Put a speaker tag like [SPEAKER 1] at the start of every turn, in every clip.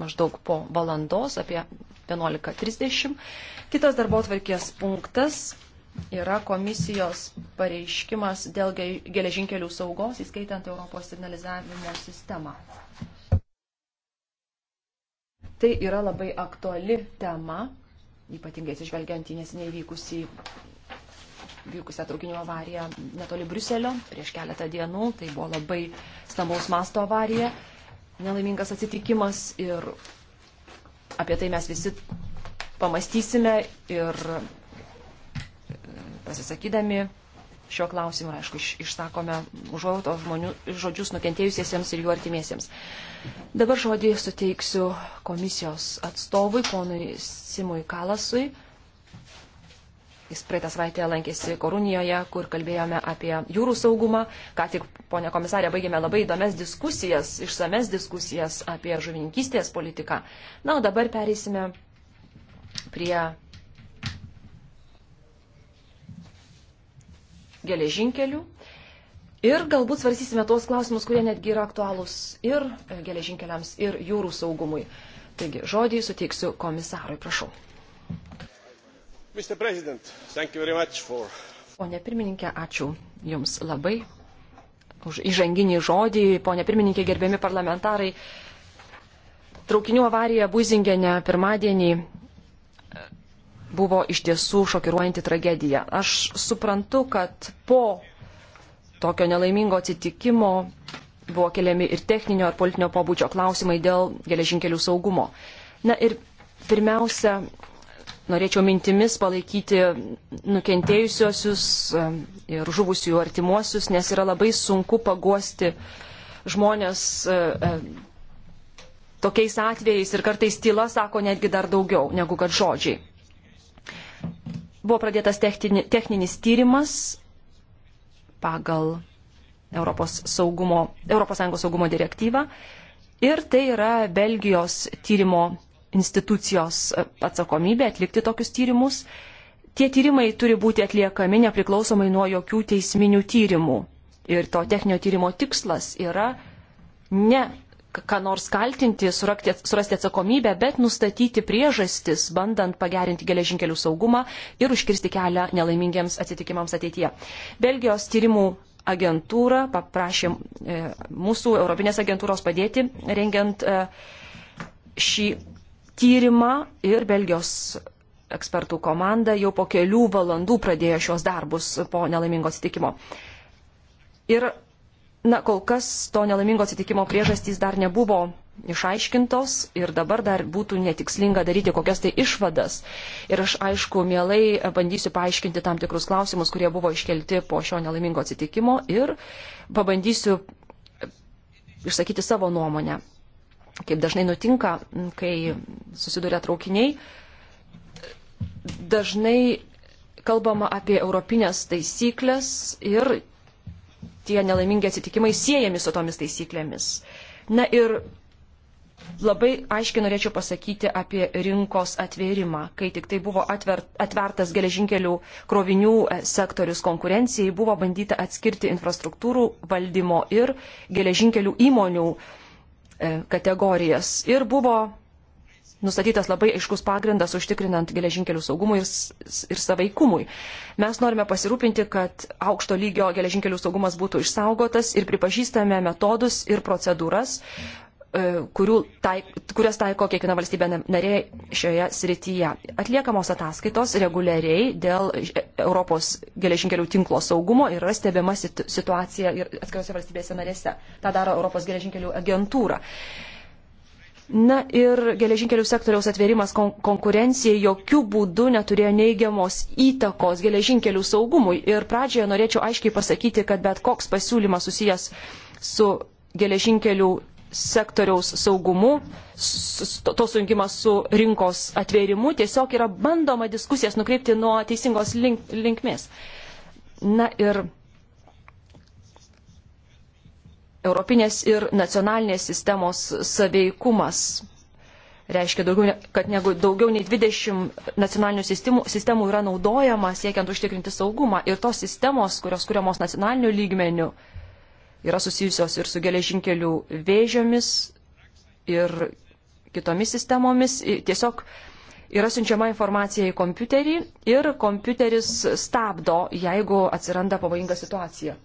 [SPEAKER 1] maždaug po valandos, apie 11.30. Kitas darbo tvarkės punktas yra komisijos pareiškimas dėl geležinkelių saugos, įskaitant Europos signalizavimo sistemą. Tai yra labai aktuali tema, ypatingai atsižvelgiant į nesiniai vykusį vykusią traukinių avariją netoli Briuselio prieš keletą dienų. Tai buvo labai stambaus masto avarija nelaimingas atsitikimas ir apie tai mes visi pamastysime ir e, pasisakydami šio klausimo, aišku, išsakome užuoto žmonių žodžius nukentėjusiesiems ir jų artimiesiems. Dabar žodį suteiksiu komisijos atstovui, ponui Simui Kalasui. Jis praeitą savaitę lankėsi Korunijoje, kur kalbėjome apie jūrų saugumą. Ką tik, ponė komisarė, baigėme labai įdomias diskusijas, išsames diskusijas apie žuvininkystės politiką. Na, o dabar pereisime prie geležinkelių. Ir galbūt svarstysime tuos klausimus, kurie netgi yra aktualūs ir geležinkeliams, ir jūrų saugumui. Taigi, žodį suteiksiu komisarui, prašau.
[SPEAKER 2] For...
[SPEAKER 1] Pone pirmininkė, ačiū Jums labai už įžanginį žodį. Pone pirmininkė, gerbiami parlamentarai, traukinių avarija Buzingene pirmadienį e, buvo iš tiesų šokiruojanti tragedija. Aš suprantu, kad po tokio nelaimingo atsitikimo buvo keliami ir techninio ar politinio pobūdžio klausimai dėl geležinkelių saugumo. Na ir pirmiausia, norėčiau mintimis palaikyti nukentėjusiosius ir žuvusiųjų artimuosius, nes yra labai sunku pagosti žmonės e, e, tokiais atvejais ir kartais tyla sako netgi dar daugiau negu kad žodžiai. Buvo pradėtas techninis tyrimas pagal Europos, saugumo, Europos Sąjungos saugumo direktyvą ir tai yra Belgijos tyrimo institucijos e, atsakomybė atlikti tokius tyrimus. Tie tyrimai turi būti atliekami nepriklausomai nuo jokių teisminių tyrimų. Ir to techninio tyrimo tikslas yra ne ką nors kaltinti, surakti, surasti atsakomybę, bet nustatyti priežastis, bandant pagerinti geležinkelių saugumą ir užkirsti kelią nelaimingiems atsitikimams ateityje. Belgijos tyrimų agentūra paprašė e, mūsų Europinės agentūros padėti rengiant e, šį tyrimą ir Belgijos ekspertų komanda jau po kelių valandų pradėjo šios darbus po nelaimingo atsitikimo. Ir, na, kol kas to nelaimingo atsitikimo priežastys dar nebuvo išaiškintos ir dabar dar būtų netikslinga daryti kokias tai išvadas. Ir aš, aišku, mielai bandysiu paaiškinti tam tikrus klausimus, kurie buvo iškelti po šio nelaimingo atsitikimo ir pabandysiu išsakyti savo nuomonę kaip dažnai nutinka, kai susiduria traukiniai, dažnai kalbama apie europinės taisyklės ir tie nelaimingi atsitikimai siejami su tomis taisyklėmis. Na ir labai aiškiai norėčiau pasakyti apie rinkos atvėrimą. Kai tik tai buvo atvert, atvertas geležinkelių krovinių e, sektorius konkurencijai, buvo bandyta atskirti infrastruktūrų valdymo ir geležinkelių įmonių uh, E, kategorijas. Ir buvo nustatytas labai aiškus pagrindas užtikrinant geležinkelių saugumui ir, ir savaikumui. Mes norime pasirūpinti, kad aukšto lygio geležinkelių saugumas būtų išsaugotas ir pripažįstame metodus ir procedūras, E, taik, kurias taiko kiekviena valstybė narė šioje srityje. Atliekamos ataskaitos reguliariai dėl e, Europos geležinkelių tinklo saugumo yra stebima situacija ir atskiriuose valstybėse narėse. Ta daro Europos geležinkelių agentūra. Na ir geležinkelių sektoriaus atvėrimas kon konkurencijai jokių būdų neturėjo neigiamos įtakos geležinkelių saugumui. Ir pradžioje norėčiau aiškiai pasakyti, kad bet koks pasiūlymas susijęs su geležinkelių sektoriaus saugumu, to sujungimas su rinkos atvėrimu, tiesiog yra bandoma diskusijas nukreipti nuo teisingos link, linkmės. Na ir europinės ir nacionalinės sistemos saveikumas reiškia, daugiau, kad negu, daugiau nei 20 nacionalinių sistemų, sistemų yra naudojama siekiant užtikrinti saugumą ir tos sistemos, kurios kuriamos nacionaliniu lygmeniu, uh, yra susijusios ir su geležinkelių vėžiomis ir kitomis sistemomis. Tiesiog yra siunčiama informacija į kompiuterį ir kompiuteris stabdo, jeigu atsiranda pavojinga situacija.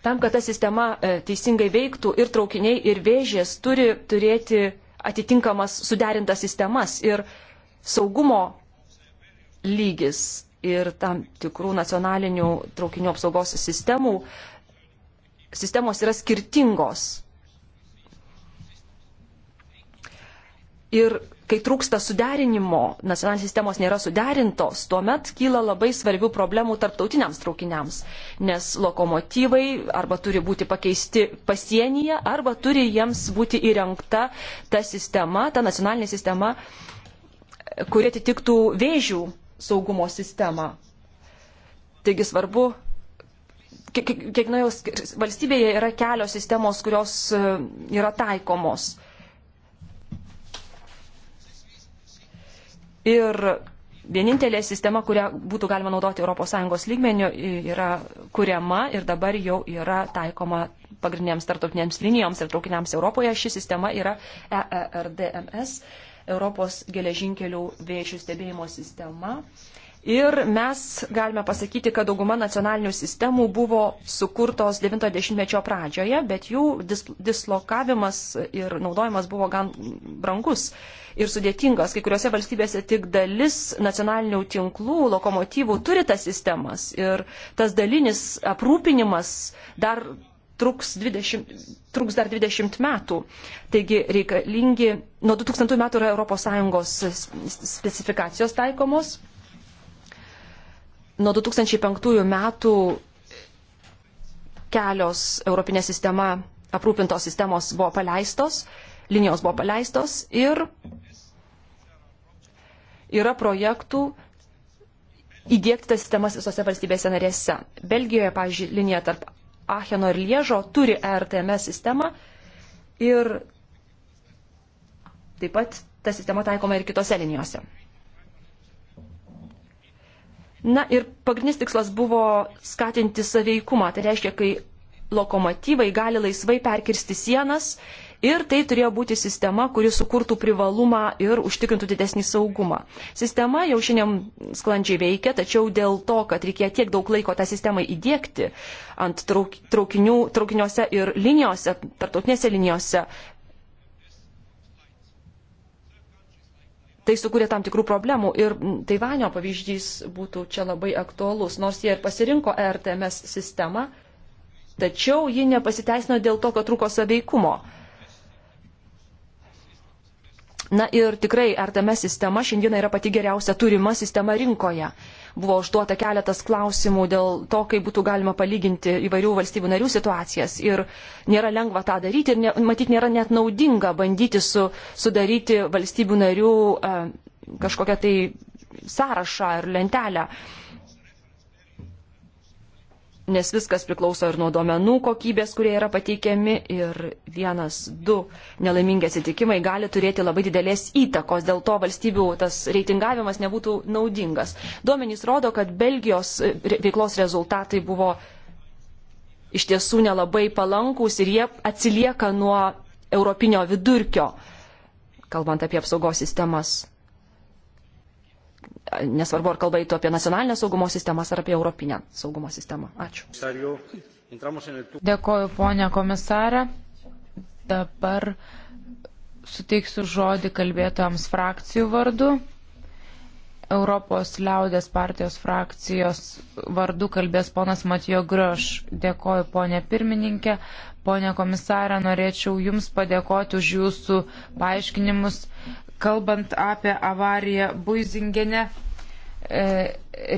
[SPEAKER 1] Tam, kad ta sistema e, teisingai veiktų ir traukiniai, ir vėžės turi turėti atitinkamas suderintas sistemas ir saugumo lygis ir tam tikrų nacionalinių traukinių apsaugos sistemų sistemos yra skirtingos. Ir kai trūksta suderinimo, nacionalinės sistemos nėra suderintos, tuomet kyla labai svarbių problemų tarptautiniams traukiniams, nes lokomotyvai arba turi būti pakeisti pasienyje, arba turi jiems būti įrengta ta sistema, ta nacionalinė sistema, kuri atitiktų vėžių saugumo sistemą. Taigi svarbu kiekvienoje valstybėje yra kelios sistemos, kurios e, yra taikomos. Ir vienintelė sistema, kurią būtų galima naudoti ES lygmenių, yra kuriama ir dabar jau yra taikoma pagrindiniams tarptautinėms linijoms ir traukiniams Europoje. Ši sistema yra EERDMS, Europos geležinkelių vėžių stebėjimo sistema. Uh, Ir mes galime pasakyti, kad dauguma nacionalinių sistemų buvo sukurtos 90-mečio pradžioje, bet jų dis dislokavimas ir naudojimas buvo gan brangus ir sudėtingas. Kai kuriuose valstybėse tik dalis nacionalinių tinklų, lokomotyvų turi tas sistemas ir tas dalinis aprūpinimas dar truks, 20, truks dar 20 metų. Taigi reikalingi, nuo 2000 metų yra ES specifikacijos taikomos Nuo 2005 metų kelios Europinė sistema aprūpintos sistemos buvo paleistos, linijos buvo paleistos ir yra projektų įdėkti tas sistemas visose valstybėse narėse. Belgijoje, pavyzdžiui, linija tarp Acheno ir Liežo turi e RTMS sistemą ir taip pat ta sistema taikoma ir kitose linijose. Na ir pagrindinis tikslas buvo skatinti saveikumą. Tai reiškia, kai lokomotyvai gali laisvai perkirsti sienas ir tai turėjo būti sistema, kuri sukurtų privalumą ir užtikrintų didesnį saugumą. Sistema jau šiandien sklandžiai veikia, tačiau dėl to, kad reikėjo tiek daug laiko tą sistemą įdėkti ant traukinių, traukiniuose ir linijose, tarptautinėse linijose, tai sukūrė tam tikrų problemų ir Taivanio pavyzdys būtų čia labai aktuolus, nors jie ir pasirinko e RTMS sistemą, tačiau ji nepasiteisino dėl to, kad trūko saveikumo. Na ir tikrai e RTMS sistema šiandien yra pati geriausia turima sistema rinkoje. Buvo užduota keletas klausimų dėl to, kaip būtų galima palyginti įvairių valstybių narių situacijas. Ir nėra lengva tą daryti ir ne, matyt nėra net naudinga bandyti su, sudaryti valstybių narių e, kažkokią tai sąrašą ar lentelę. E, nes viskas priklauso ir nuo duomenų kokybės, kurie yra pateikiami ir vienas, du nelaimingi atsitikimai gali turėti labai didelės įtakos, dėl to valstybių tas reitingavimas nebūtų naudingas. Duomenys rodo, kad Belgijos veiklos rezultatai buvo iš tiesų nelabai palankūs ir jie atsilieka nuo europinio vidurkio, kalbant apie apsaugos sistemas nesvarbu, ar kalba eitų apie nacionalinę saugumo sistemą ar apie europinę saugumo sistemą.
[SPEAKER 2] Ačiū.
[SPEAKER 1] Dėkoju, ponė komisarė. Dabar suteiksiu
[SPEAKER 3] žodį kalbėtojams frakcijų vardu. Europos liaudės partijos frakcijos vardu kalbės ponas Matijo Groš. Dėkoju, ponė pirmininkė. Pone komisarė, norėčiau Jums padėkoti už Jūsų paaiškinimus kalbant apie avariją Buizingene, e,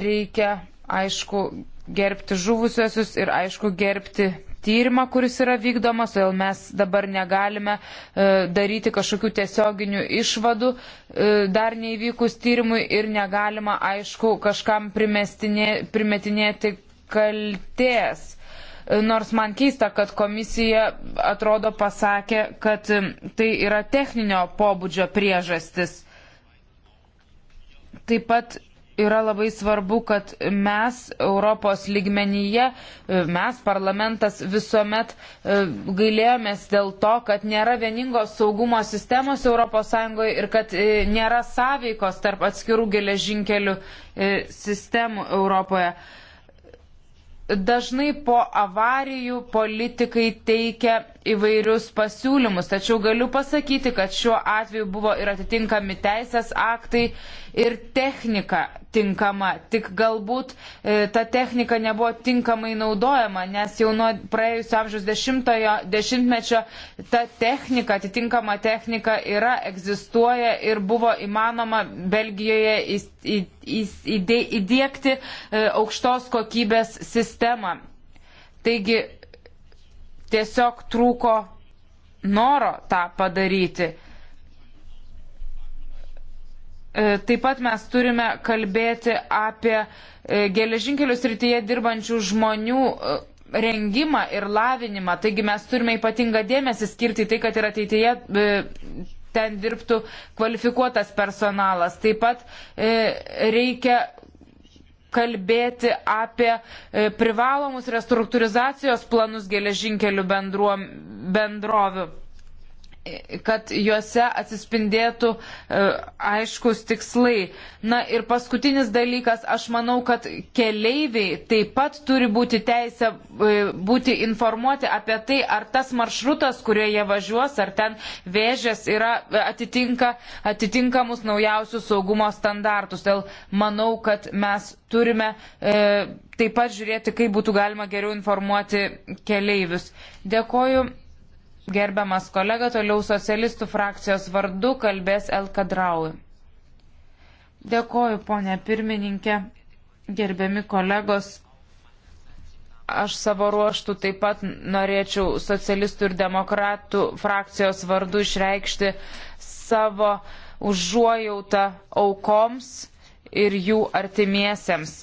[SPEAKER 3] reikia, aišku, gerbti žuvusiosius ir, aišku, gerbti tyrimą, kuris yra vykdomas, todėl mes dabar negalime e, daryti kažkokių tiesioginių išvadų e, dar neįvykus tyrimui ir negalima, aišku, kažkam primetinėti kaltės nors man keista, kad komisija atrodo pasakė, kad um, tai yra techninio pobūdžio priežastis. Taip pat yra labai svarbu, kad mes Europos lygmenyje, um, mes parlamentas visuomet um, gailėjomės dėl to, kad nėra vieningos saugumo sistemos ES ir kad e, nėra sąveikos tarp atskirų geležinkelių e, sistemų Europoje dažnai po avarijų politikai teikia įvairius pasiūlymus, tačiau galiu pasakyti, kad šiuo atveju buvo ir atitinkami teisės aktai ir technika tinkama, tik galbūt e, ta technika nebuvo tinkamai naudojama, nes jau nuo praėjusio amžiaus dešimtojo dešimtmečio ta technika, atitinkama technika yra, egzistuoja ir buvo įmanoma Belgijoje įsteigti įdėkti e, aukštos kokybės sistemą. Taigi tiesiog trūko noro tą padaryti. E, taip pat mes turime kalbėti apie e, geležinkelių srityje dirbančių žmonių rengimą ir lavinimą. Taigi mes turime ypatingą dėmesį skirti tai, kad ir ateityje ten dirbtų kvalifikuotas personalas. Taip pat e, reikia kalbėti apie e, privalomus restruktūrizacijos planus geležinkelių bendruom, bendrovių kad juose atsispindėtų e, aiškus tikslai. Na ir paskutinis dalykas, aš manau, kad keleiviai taip pat turi būti teisę e, būti informuoti apie tai, ar tas maršrutas, kurie jie važiuos, ar ten vėžės yra, e, atitinka atitinkamus naujausius saugumo standartus. Dėl manau, kad mes turime e, taip pat žiūrėti, kaip būtų galima geriau informuoti keleivius. Dėkoju. Gerbiamas kolega, toliau socialistų frakcijos vardu kalbės Elkadraui. Dėkoju, ponė pirmininkė, gerbiami kolegos. Aš savo ruoštų taip pat norėčiau socialistų ir demokratų frakcijos vardu išreikšti savo užuojautą aukoms ir jų artimiesiems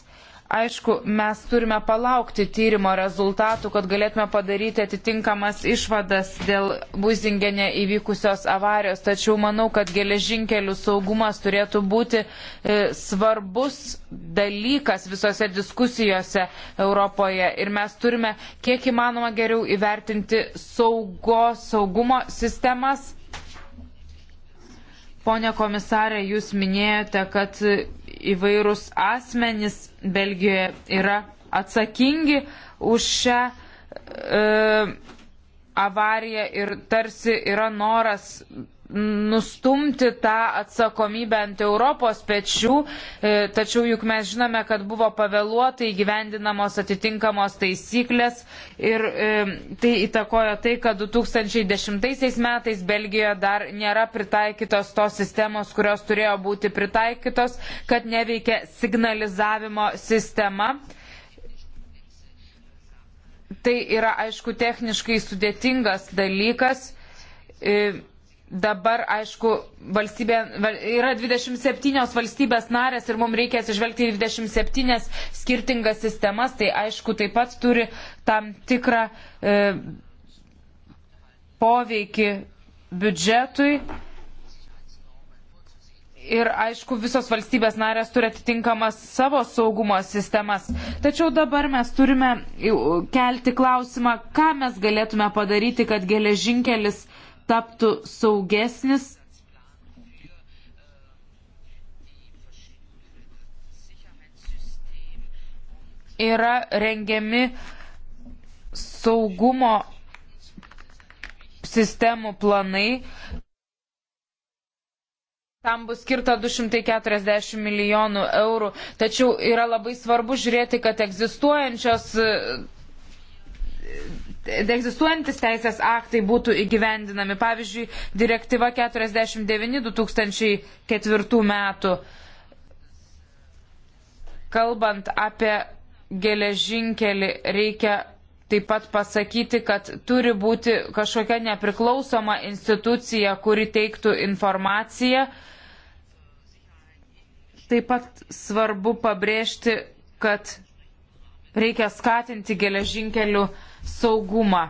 [SPEAKER 3] Aišku, mes turime palaukti tyrimo rezultatų, kad galėtume padaryti atitinkamas išvadas dėl Buzingenė įvykusios avarijos, tačiau manau, kad geležinkelių saugumas turėtų būti e, svarbus dalykas visose diskusijose Europoje ir mes turime kiek įmanoma geriau įvertinti saugo, saugumo sistemas Pone komisarė, jūs minėjote, kad įvairūs asmenys Belgijoje yra atsakingi už šią e, avariją ir tarsi yra noras nustumti tą atsakomybę ant Europos pečių, e, tačiau juk mes žinome, kad buvo pavėluotai gyvendinamos atitinkamos taisyklės ir e, tai įtakojo tai, kad 2010 metais Belgijoje dar nėra pritaikytos tos sistemos, kurios turėjo būti pritaikytos, kad neveikia signalizavimo sistema. Tai yra, aišku, techniškai sudėtingas dalykas e, Dabar, aišku, valstybė, yra 27 valstybės narės ir mums reikia atsižvelgti į 27 skirtingas sistemas, tai aišku, taip pat turi tam tikrą e, poveikį biudžetui. Ir aišku, visos valstybės narės turi atitinkamas savo saugumo sistemas. Tačiau dabar mes turime kelti klausimą, ką mes galėtume padaryti, kad geležinkelis taptų saugesnis. Yra rengiami saugumo sistemų planai. Tam bus skirta 240 milijonų eurų, tačiau yra labai svarbu žiūrėti, kad egzistuojančios egzistuojantis teisės aktai būtų įgyvendinami. Pavyzdžiui, direktyva 49-2004 metų, kalbant apie geležinkelį, reikia taip pat pasakyti, kad turi būti kažkokia nepriklausoma institucija, kuri teiktų informaciją. Taip pat svarbu pabrėžti, kad reikia skatinti geležinkelių uh, saugumą.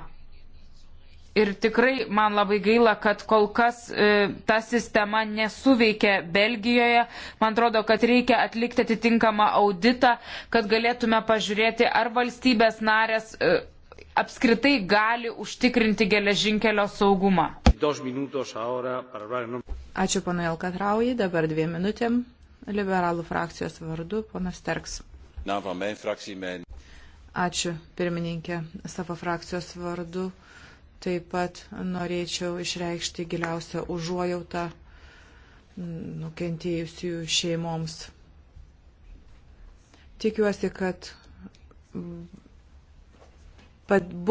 [SPEAKER 3] Ir tikrai man labai gaila, kad kol kas e, ta sistema nesuveikia Belgijoje. Man atrodo, kad reikia atlikti atitinkamą auditą, kad galėtume pažiūrėti, ar valstybės narės e, apskritai
[SPEAKER 4] gali užtikrinti geležinkelio saugumą. Ačiū panai Alkatraujai, dabar dviem minutėm liberalų frakcijos vardu, ponas Terks. Ačiū, pirmininkė, savo frakcijos vardu. Taip pat norėčiau išreikšti giliausią užuojautą nukentėjusių šeimoms. Tikiuosi, kad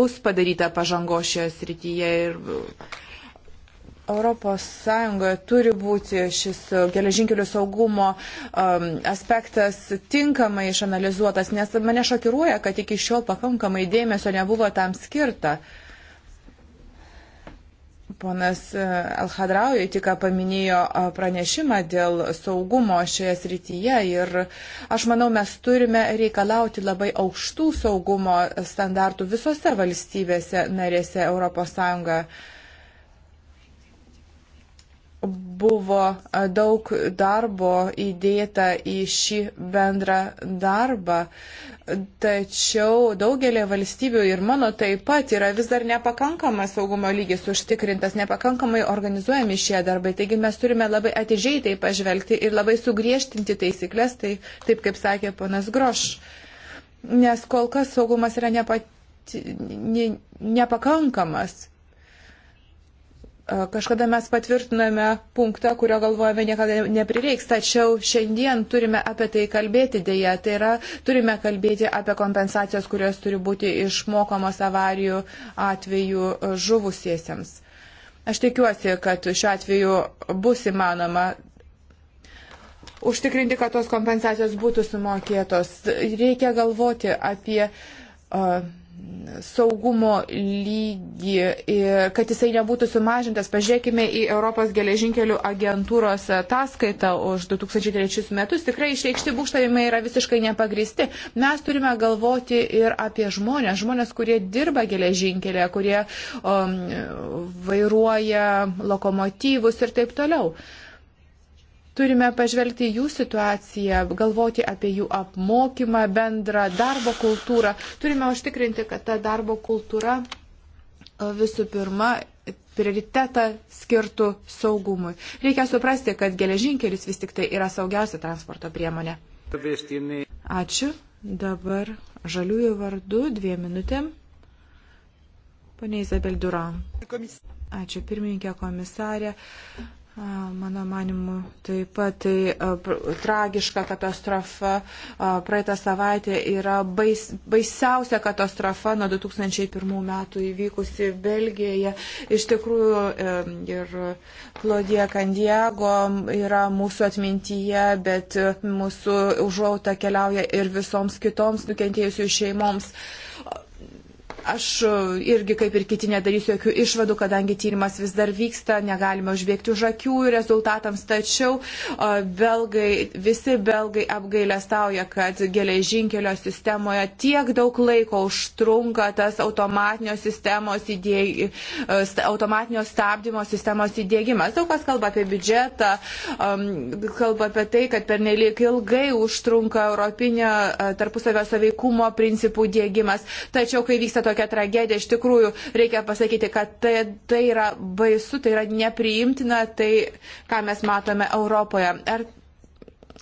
[SPEAKER 4] bus padaryta pažango šioje srityje ir ES turi būti šis geležinkelių saugumo um, aspektas tinkamai išanalizuotas, nes mane šokiruoja, kad iki šiol pakankamai dėmesio nebuvo tam skirta. Ponas Elhadraujai tik paminėjo pranešimą dėl saugumo šioje srityje ir aš manau, mes turime reikalauti labai aukštų saugumo standartų visose valstybėse narėse ES buvo daug darbo įdėta į šį bendrą darbą, tačiau daugelį valstybių ir mano taip pat yra vis dar nepakankamas saugumo lygis užtikrintas, nepakankamai organizuojami šie darbai. Taigi mes turime labai atidžiai tai pažvelgti ir labai sugriežtinti taisyklės, tai taip kaip sakė ponas Groš. Nes kol kas saugumas yra nepati, ne, nepakankamas Kažkada mes patvirtiname punktą, kurio galvojame niekada neprireiks, tačiau šiandien turime apie tai kalbėti dėje. Tai yra, turime kalbėti apie kompensacijos, kurios turi būti išmokamos avarijų atveju žuvusiesiems. Aš tikiuosi, kad šiuo atveju bus įmanoma užtikrinti, kad tos kompensacijos būtų sumokėtos. Reikia galvoti apie uh, saugumo lygį, kad jisai nebūtų sumažintas. Pažiūrėkime į Europos geležinkelių agentūros ataskaitą už 2003 metus. Tikrai išreikšti būkštavimai yra visiškai nepagristi. Mes turime galvoti ir apie žmonės, žmonės, kurie dirba geležinkelė, kurie um, vairuoja lokomotyvus ir taip toliau. Uh, Turime pažvelgti jų situaciją, galvoti apie jų apmokymą, bendrą darbo kultūrą. Turime užtikrinti, kad ta darbo kultūra e, visų pirma prioritetą skirtų saugumui. Reikia suprasti, kad geležinkelis vis tik tai yra saugiausia transporto priemonė. Ačiū. Dabar žaliųjų vardu dviem minutėm. Pane Izabel Duran. Ačiū pirmininkė komisarė. Mano manimu, taip pat tai tragiška katastrofa. Praeitą savaitę yra bais, baisiausia katastrofa nuo 2001 metų įvykusi Belgijoje. Iš tikrųjų ir Klodija Kandiego yra mūsų atmintyje, bet mūsų užuota keliauja ir visoms kitoms nukentėjusių šeimoms. Aš e, irgi, kaip ir kiti, nedarysiu jokių išvadų, kadangi tyrimas vis dar vyksta, negalime užbėgti už akių rezultatams, tačiau e, belgai, visi belgai apgailę stauja, kad geležinkelio sistemoje tiek daug laiko užtrunka tas automatinio, įdėg... E, automatinio stabdymo sistemos įdėgymas. Daug kas kalba apie biudžetą, kalba apie tai, kad per nelik ilgai užtrunka europinio tarpusavio saveikumo principų dėgymas. Tačiau, kai vyksta tokia tokia tragedija. Iš tikrųjų, reikia pasakyti, kad tai, tai yra baisu, tai yra nepriimtina, tai ką mes matome Europoje. Ar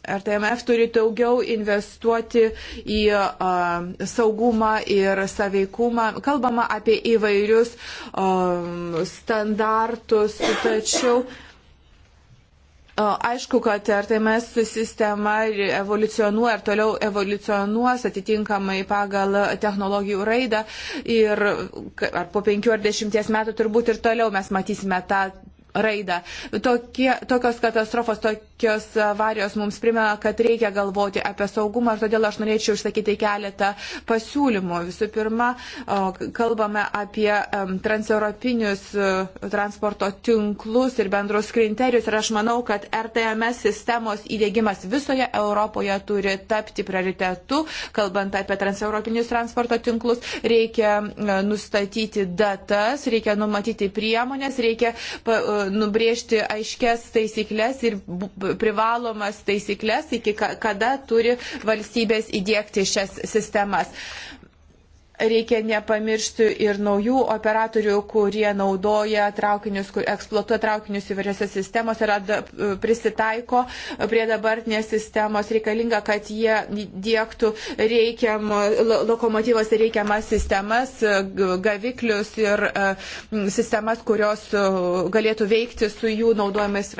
[SPEAKER 4] ar TMF turi daugiau investuoti į a, saugumą ir saveikumą. Kalbama apie įvairius a, standartus, tačiau Aišku, kad ar tai mes sistema evoliucionuoja ir toliau evoliucionuos atitinkamai pagal technologijų raidą ir ar po penkių ar dešimties metų turbūt ir toliau mes matysime tą raidą. Tokie, tokios katastrofos, tokios avarijos mums primena, kad reikia galvoti apie saugumą ir todėl aš norėčiau išsakyti keletą pasiūlymų. Visų pirma, kalbame apie transeuropinius e, transporto tinklus ir bendrus kriterijus ir aš manau, kad RTMS sistemos įdėgymas visoje Europoje turi tapti prioritetu, kalbant apie transeuropinius transporto tinklus, reikia e, nustatyti datas, reikia numatyti priemonės, reikia e, nubriežti aiškes taisyklės ir privalomas taisyklės, iki kada turi valstybės įdėkti šias sistemas. Reikia nepamiršti ir naujų operatorių, kurie naudoja traukinius, kur eksploatuoja traukinius įvairiose sistemose ir prisitaiko prie dabartinės sistemos. Reikalinga, kad jie dėktų reikiam, lokomotyvas reikiamas sistemas, gaviklius ir e, sistemas, kurios e, galėtų veikti su jų naudojamais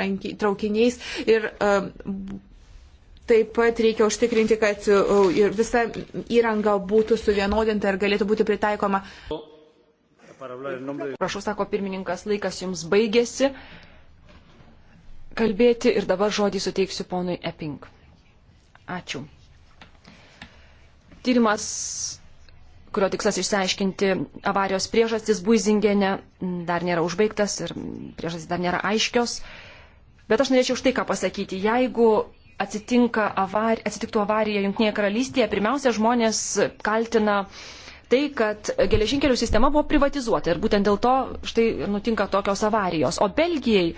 [SPEAKER 4] traukiniais. Ir e, Taip pat reikia užtikrinti, kad e, visa įranga būtų suvienodinta ir galėtų būti pritaikoma.
[SPEAKER 1] Prašau, sako pirmininkas, laikas jums baigėsi kalbėti ir dabar žodį suteiksiu ponui Epping. Ačiū. Tyrimas, kurio tikslas išsiaiškinti avarijos priežastis Buizingene, dar nėra užbaigtas ir priežastis dar nėra aiškios. Bet aš norėčiau štai ką pasakyti. Jeigu atsitinka avar, atsitiktų avarija Junktinėje karalystėje, pirmiausia, žmonės kaltina tai, kad geležinkelių sistema buvo privatizuota ir būtent dėl to štai nutinka tokios avarijos. O Belgijai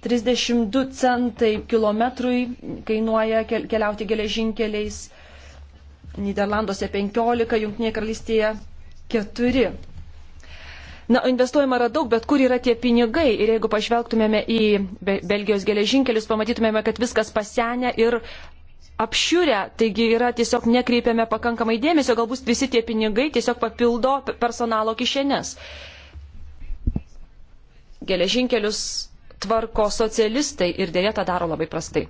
[SPEAKER 1] Trisdešimt du centai kilometrui kainuoja keliauti geležinkeliais, Niderlanduose 15, Junktinėje karalystėje 4. Na, investuojama yra daug, bet kur yra tie pinigai? Ir jeigu pažvelgtumėme į Belgijos geležinkelius, pamatytumėme, kad viskas pasenę ir apšiurę, taigi yra tiesiog nekreipiame pakankamai dėmesio, galbūt visi tie pinigai tiesiog papildo personalo kišenės. Geležinkelius tvarko socialistai ir dėja tą daro labai prastai.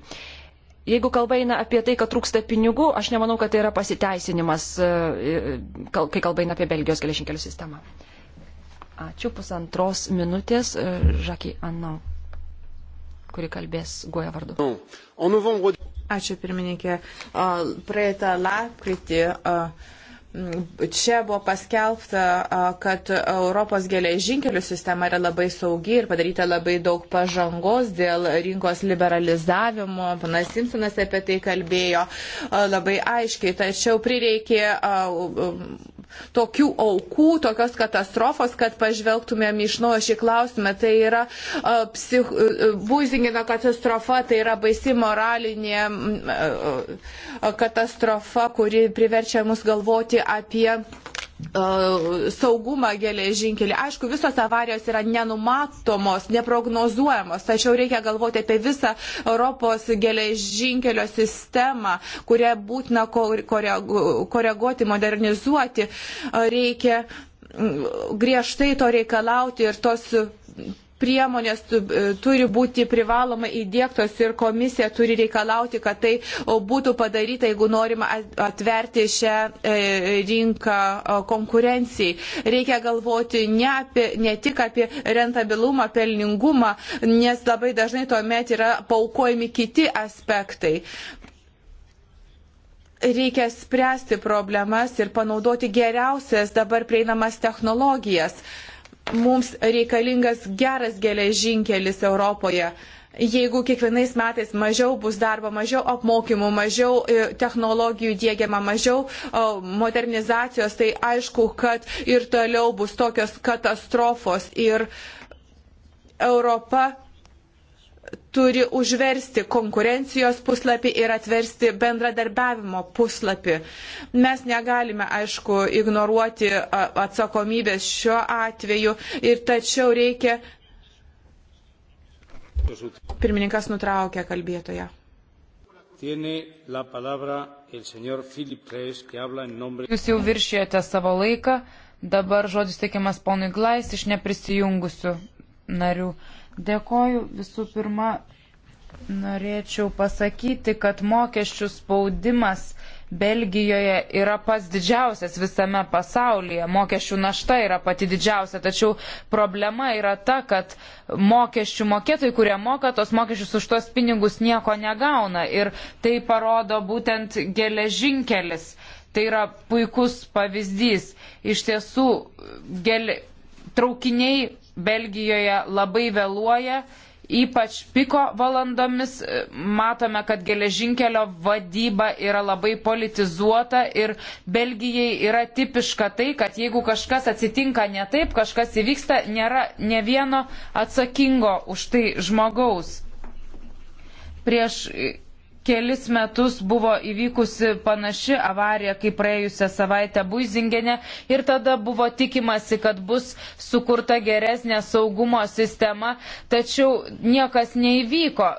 [SPEAKER 1] Jeigu kalba eina apie tai, kad trūksta pinigų, aš nemanau, kad tai yra pasiteisinimas, e, e, kai kalba eina apie Belgijos geležinkelių sistemą. Ačiū pusantros minutės e, Žakiai Anau, kuri kalbės Goja vardu.
[SPEAKER 4] Ačiū pirmininkė. Praeitą lapkritį. Uh, Čia buvo paskelbta, kad Europos geležinkelių sistema yra labai saugi ir padaryta labai daug pažangos dėl rinkos liberalizavimo. Panas Simpsonas apie tai kalbėjo labai aiškiai, tačiau prireikė tokių aukų, tokios katastrofos, kad pažvelgtumėm iš naujo šį klausimą. Tai yra uh, psich, uh, Būzingino katastrofa, tai yra baisi moralinė uh, uh, katastrofa, kuri priverčia mus galvoti apie uh, E, saugumą geležinkelį. Aišku, visos avarijos yra nenumatomos, neprognozuojamos, tačiau reikia galvoti apie visą Europos geležinkelio sistemą, kurią būtina koreguoti, modernizuoti. E, reikia griežtai to reikalauti ir tos priemonės e, turi būti privalomai įdėktos ir komisija turi reikalauti, kad tai būtų padaryta, jeigu norima atverti šią e, rinką konkurencijai. Reikia galvoti ne, apie, ne tik apie rentabilumą, pelningumą, nes labai dažnai tuomet yra paukojami kiti aspektai reikia spręsti problemas ir panaudoti geriausias dabar prieinamas technologijas mums reikalingas geras geležinkelis Europoje. Jeigu kiekvienais metais mažiau bus darbo, mažiau apmokymų, mažiau e, technologijų dėgiama, mažiau modernizacijos, tai aišku, kad ir toliau bus tokios katastrofos ir Europa turi užversti konkurencijos puslapį ir atversti bendradarbiavimo puslapį. Mes negalime, aišku, ignoruoti atsakomybės šiuo atveju ir tačiau reikia. Pirmininkas nutraukė kalbėtoją.
[SPEAKER 2] Jūs jau
[SPEAKER 3] viršijate savo laiką, dabar žodis teikiamas ponui Glais iš neprisijungusių narių. Dėkoju visų pirma. Norėčiau pasakyti, kad mokesčių spaudimas Belgijoje yra pats didžiausias visame pasaulyje, mokesčių našta yra pati didžiausia, tačiau problema yra ta, kad mokesčių mokėtojai, kurie moka tos mokesčius už tos pinigus, nieko negauna ir tai parodo būtent geležinkelis. Tai yra puikus pavyzdys. Iš tiesų, gel... traukiniai Belgijoje labai vėluoja, ypač piko valandomis. Matome, kad geležinkelio vadyba yra labai politizuota ir Belgijai yra tipiška tai, kad jeigu kažkas atsitinka ne taip, kažkas įvyksta, nėra ne vieno atsakingo už tai žmogaus. Prieš kelis metus buvo įvykusi panaši avarija kaip praėjusią savaitę Buizingene ir tada buvo tikimasi, kad bus sukurta geresnė saugumo sistema, tačiau niekas neįvyko.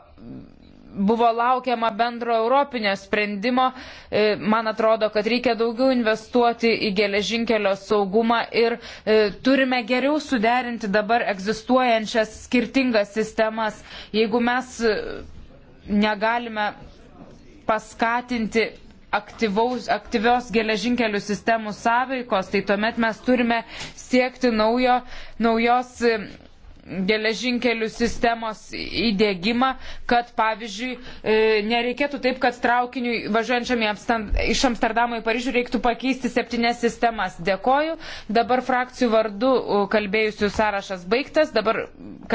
[SPEAKER 3] Buvo laukiama bendro europinio sprendimo. E, man atrodo, kad reikia daugiau investuoti į geležinkelio saugumą ir e, turime geriau suderinti dabar egzistuojančias skirtingas sistemas. Jeigu mes e, negalime paskatinti aktyvaus, aktyvios geležinkelių sistemų sąveikos, tai tuomet mes turime siekti naujo, naujos e, geležinkelių sistemos įdėgymą, kad pavyzdžiui e, nereikėtų taip, kad traukiniui važiuojančiam iš Amsterdamo į Paryžių reiktų pakeisti septynes sistemas. Dėkoju. Dabar frakcijų vardu kalbėjusių sąrašas baigtas. Dabar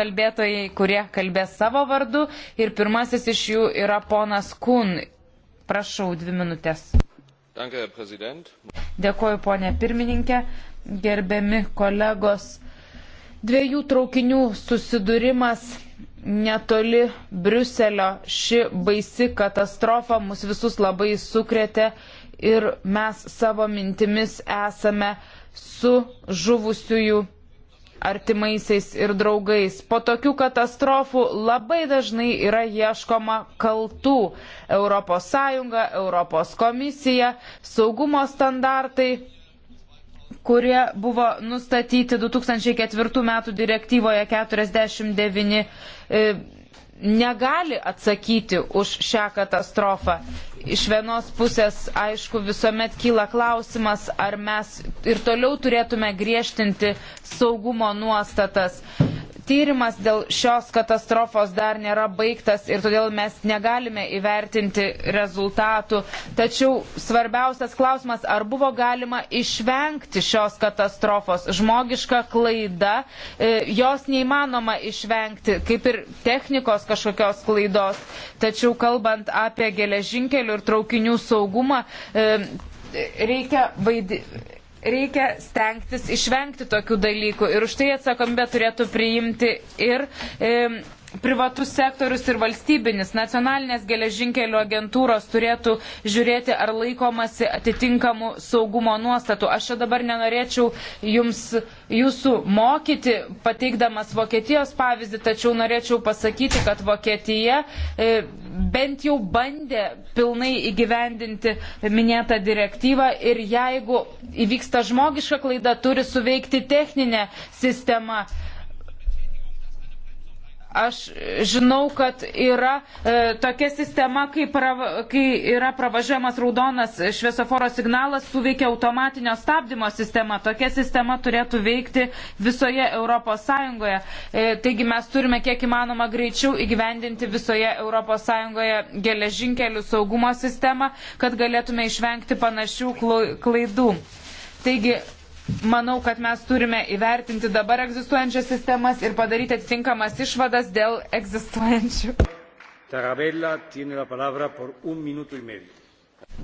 [SPEAKER 3] kalbėtojai, kurie kalbės savo vardu. Ir pirmasis iš jų yra ponas Kun Prašau, dvi minutės. Dėkoju, ponė pirmininkė, gerbiami kolegos. Dviejų traukinių susidūrimas netoli Briuselio. Ši baisi katastrofa mus visus labai sukrėtė ir mes savo mintimis esame su žuvusiųjų artimaisiais ir draugais. Po tokių katastrofų labai dažnai yra ieškoma kaltų. ES, ES komisija, saugumo standartai kurie buvo nustatyti 2004 metų direktyvoje 49 e, negali atsakyti už šią katastrofą. Iš vienos pusės, aišku, visuomet kyla klausimas, ar mes ir toliau turėtume griežtinti saugumo nuostatas tyrimas dėl šios katastrofos dar nėra baigtas ir todėl mes negalime įvertinti rezultatų. Tačiau svarbiausias klausimas, ar buvo galima išvengti šios katastrofos. Žmogiška klaida, e, jos neįmanoma išvengti, kaip ir technikos kažkokios klaidos. Tačiau kalbant apie geležinkelių ir traukinių saugumą, e, reikia vaidinti reikia stengtis išvengti tokių dalykų ir už tai atsakomybę turėtų priimti ir e, privatus sektorius ir valstybinis. Nacionalinės geležinkelių agentūros turėtų žiūrėti, ar laikomasi atitinkamų saugumo nuostatų. Aš čia dabar nenorėčiau jums, jūsų mokyti, pateikdamas Vokietijos pavyzdį, tačiau norėčiau pasakyti, kad Vokietija e, bent jau bandė pilnai įgyvendinti minėtą direktyvą ir jeigu įvyksta žmogiška klaida, turi suveikti techninė sistema. Aš žinau, kad yra e, tokia sistema, kai, prava, kai yra pravažiuojamas raudonas šviesoforo signalas, suveikia automatinio stabdymo sistema. Tokia sistema turėtų veikti visoje Europos Sąjungoje. E, taigi mes turime kiek įmanoma greičiau įgyvendinti visoje Europos Sąjungoje geležinkelių saugumo sistemą, kad galėtume išvengti panašių klaidų. Taigi manau, kad mes turime įvertinti dabar egzistuojančias sistemas ir padaryti atitinkamas išvadas dėl egzistuojančių.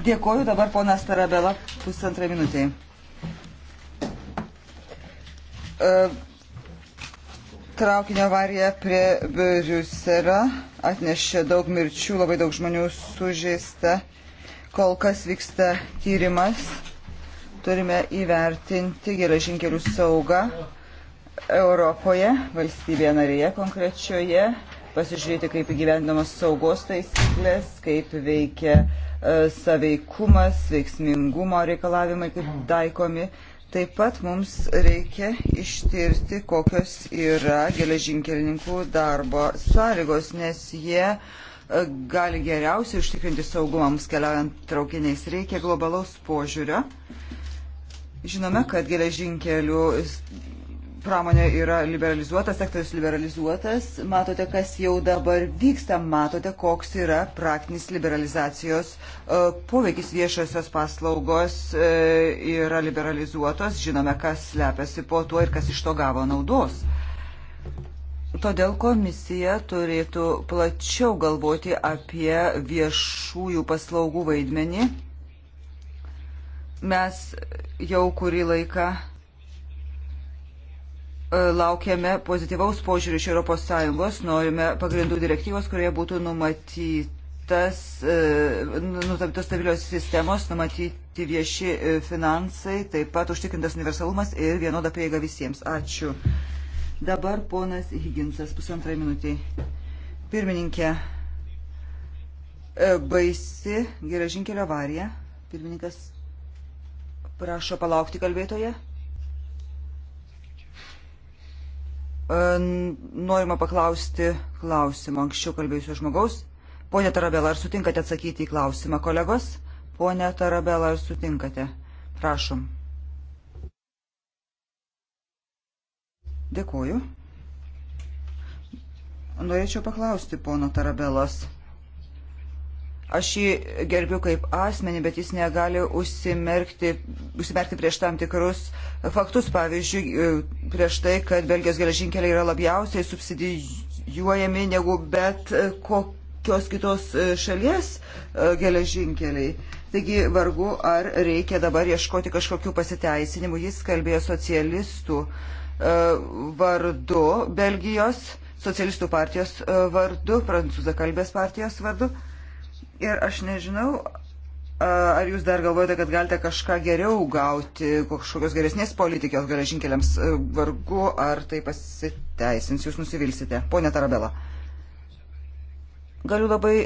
[SPEAKER 3] Dėkoju dabar ponas Tarabela
[SPEAKER 5] pusantrą minutį. E, traukinio avarija prie Briuselio atnešė daug mirčių, labai daug žmonių sužeista. Kol kas vyksta tyrimas turime įvertinti geležinkelių saugą Europoje, valstybėje narėje konkrečioje, pasižiūrėti, kaip įgyvendamos saugos taisyklės, kaip veikia e, saveikumas, veiksmingumo reikalavimai, kaip taikomi. Taip pat mums reikia ištirti, kokios yra geležinkelininkų darbo sąlygos, nes jie e, gali geriausiai užtikrinti saugumą mums keliaujant traukiniais. Reikia globalaus požiūrio Žinome, kad geležinkelių pramonė yra liberalizuotas, sektorius liberalizuotas. Matote, kas jau dabar vyksta, matote, koks yra praktinis liberalizacijos e, poveikis viešosios paslaugos e, yra liberalizuotos. Žinome, kas slepiasi po tuo ir kas iš to gavo naudos. Todėl komisija turėtų plačiau galvoti apie viešųjų paslaugų vaidmenį Mes jau kurį laiką e, laukiame pozityvaus požiūrį iš Europos Sąjungos, norime pagrindų direktyvos, kurioje būtų numatytas, e, numatytos stabilios sistemos, numatyti vieši e, finansai, taip pat užtikrintas universalumas ir vienoda prieiga visiems. Ačiū. Dabar ponas Higginsas, pusantrai minutiai. Pirmininkė, baisi geležinkelio avarija. Pirmininkas Prašo palaukti kalbėtoje. E, norima paklausti klausimą anksčiau kalbėjusio žmogaus. Pone Tarabela, ar sutinkate atsakyti į klausimą, kolegos? Pone Tarabela, ar sutinkate? Prašom. Dėkuoju. Norėčiau paklausti pono Tarabelos. Aš jį gerbiu kaip asmenį, bet jis negali užsimerkti, užsimerkti prieš tam tikrus faktus. Pavyzdžiui, prieš tai, kad Belgijos geležinkeliai yra labiausiai subsidijuojami negu bet kokios kitos šalies e, geležinkeliai. Taigi vargu ar reikia dabar ieškoti kažkokių pasiteisinimų. Jis kalbėjo socialistų e, vardu Belgijos, socialistų partijos e, vardu, prancūzakalbės partijos vardu. Ir aš nežinau, ar jūs dar galvojate, kad galite kažką geriau gauti, kažkokios geresnės politikos geležinkeliams e, vargu, ar tai pasiteisins, jūs nusivilsite. Pone Tarabela, galiu labai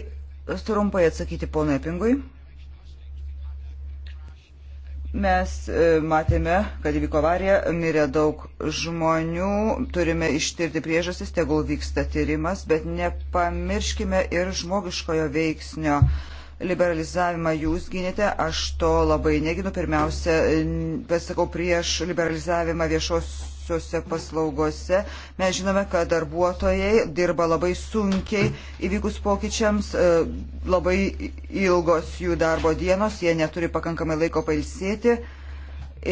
[SPEAKER 5] trumpai atsakyti ponui Pingui. Mes e, matėme, kad įvyko avarija, mirė daug žmonių, turime ištirti priežastis, tegul vyksta tyrimas, bet nepamirškime ir žmogiškojo veiksnio liberalizavimą jūs gynėte, aš to labai neginu. Pirmiausia, pasakau prieš liberalizavimą viešos viešosiuose paslaugose. Mes žinome, kad darbuotojai dirba labai sunkiai įvykus pokyčiams, e, labai ilgos jų darbo dienos, jie neturi pakankamai laiko pailsėti.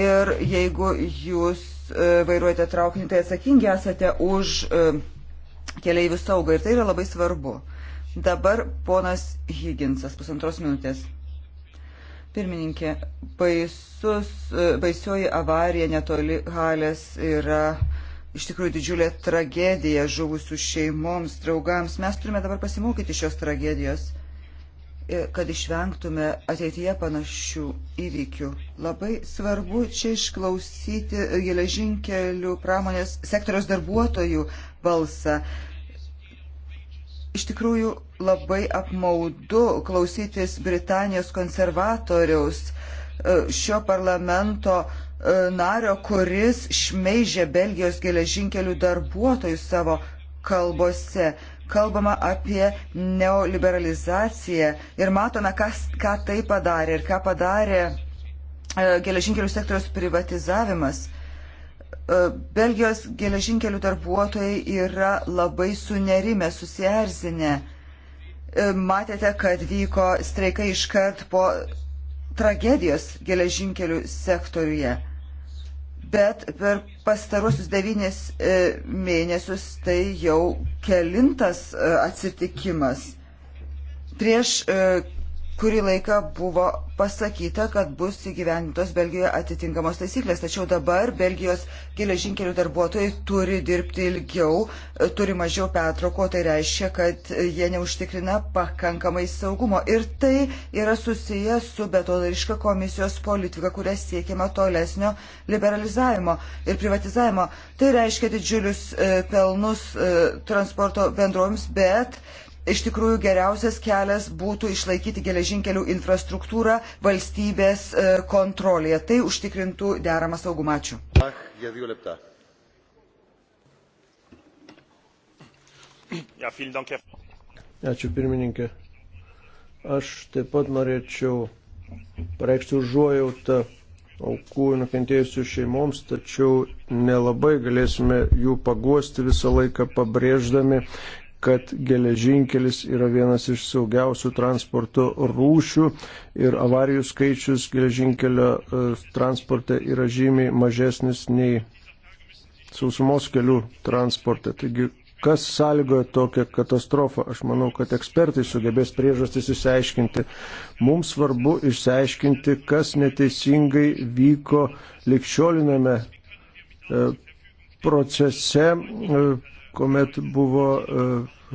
[SPEAKER 5] Ir jeigu jūs e, vairuojate traukinį, tai atsakingi esate už e, keleivių saugą ir tai yra labai svarbu. Dabar ponas Higginsas, pusantros minutės. Pirmininkė, baisus, baisioji avarija netoli Halės yra iš tikrųjų didžiulė tragedija žuvusių šeimoms, draugams. Mes turime dabar pasimokyti šios tragedijos, e, kad išvengtume ateityje panašių įvykių. Labai svarbu čia išklausyti geležinkelių pramonės sektoriaus darbuotojų balsą. Iš tikrųjų labai apmaudu klausytis Britanijos konservatoriaus e, šio parlamento e, nario, kuris šmeižė Belgijos geležinkelių darbuotojus savo kalbose. Kalbama apie neoliberalizaciją ir matome, kas, ką tai padarė ir ką padarė e, geležinkelių sektoriaus privatizavimas. E, Belgijos geležinkelių darbuotojai yra labai sunerimę, susierzinę. E, Matėte, kad vyko streikai iškart po tragedijos geležinkelių sektoriuje. Bet per pastaruosius devynis e, mėnesius tai jau kelintas atsitikimas. Prieš kurį laiką buvo pasakyta, kad bus įgyvendintos Belgijoje atitinkamos taisyklės, tačiau dabar Belgijos geležinkelių darbuotojai turi dirbti ilgiau, e, turi mažiau petroko, tai reiškia, kad jie neužtikrina pakankamai saugumo. Ir tai yra susiję su betodariška komisijos politika, kuria siekiama tolesnio liberalizavimo ir privatizavimo. Tai reiškia didžiulius e, pelnus e, transporto bendrovėms, bet iš tikrųjų geriausias kelias būtų išlaikyti geležinkelių infrastruktūrą valstybės e, kontrolėje. Tai užtikrintų deramą saugumą. Ačiū.
[SPEAKER 2] Ačiū pirmininkė. Aš taip pat norėčiau pareikšti užuojautą aukų nukentėjusių šeimoms, tačiau nelabai galėsime jų paguosti visą laiką pabrėždami, kad geležinkelis yra vienas iš saugiausių transporto rūšių ir avarijų skaičius geležinkelio e, transporte yra žymiai mažesnis nei sausumos kelių transporte. Taigi, kas sąlygoja tokią katastrofą? Aš manau, kad ekspertai sugebės priežastis įsiaiškinti. Mums svarbu išsiaiškinti, kas neteisingai vyko likščioliname e, procese e, kuomet buvo e,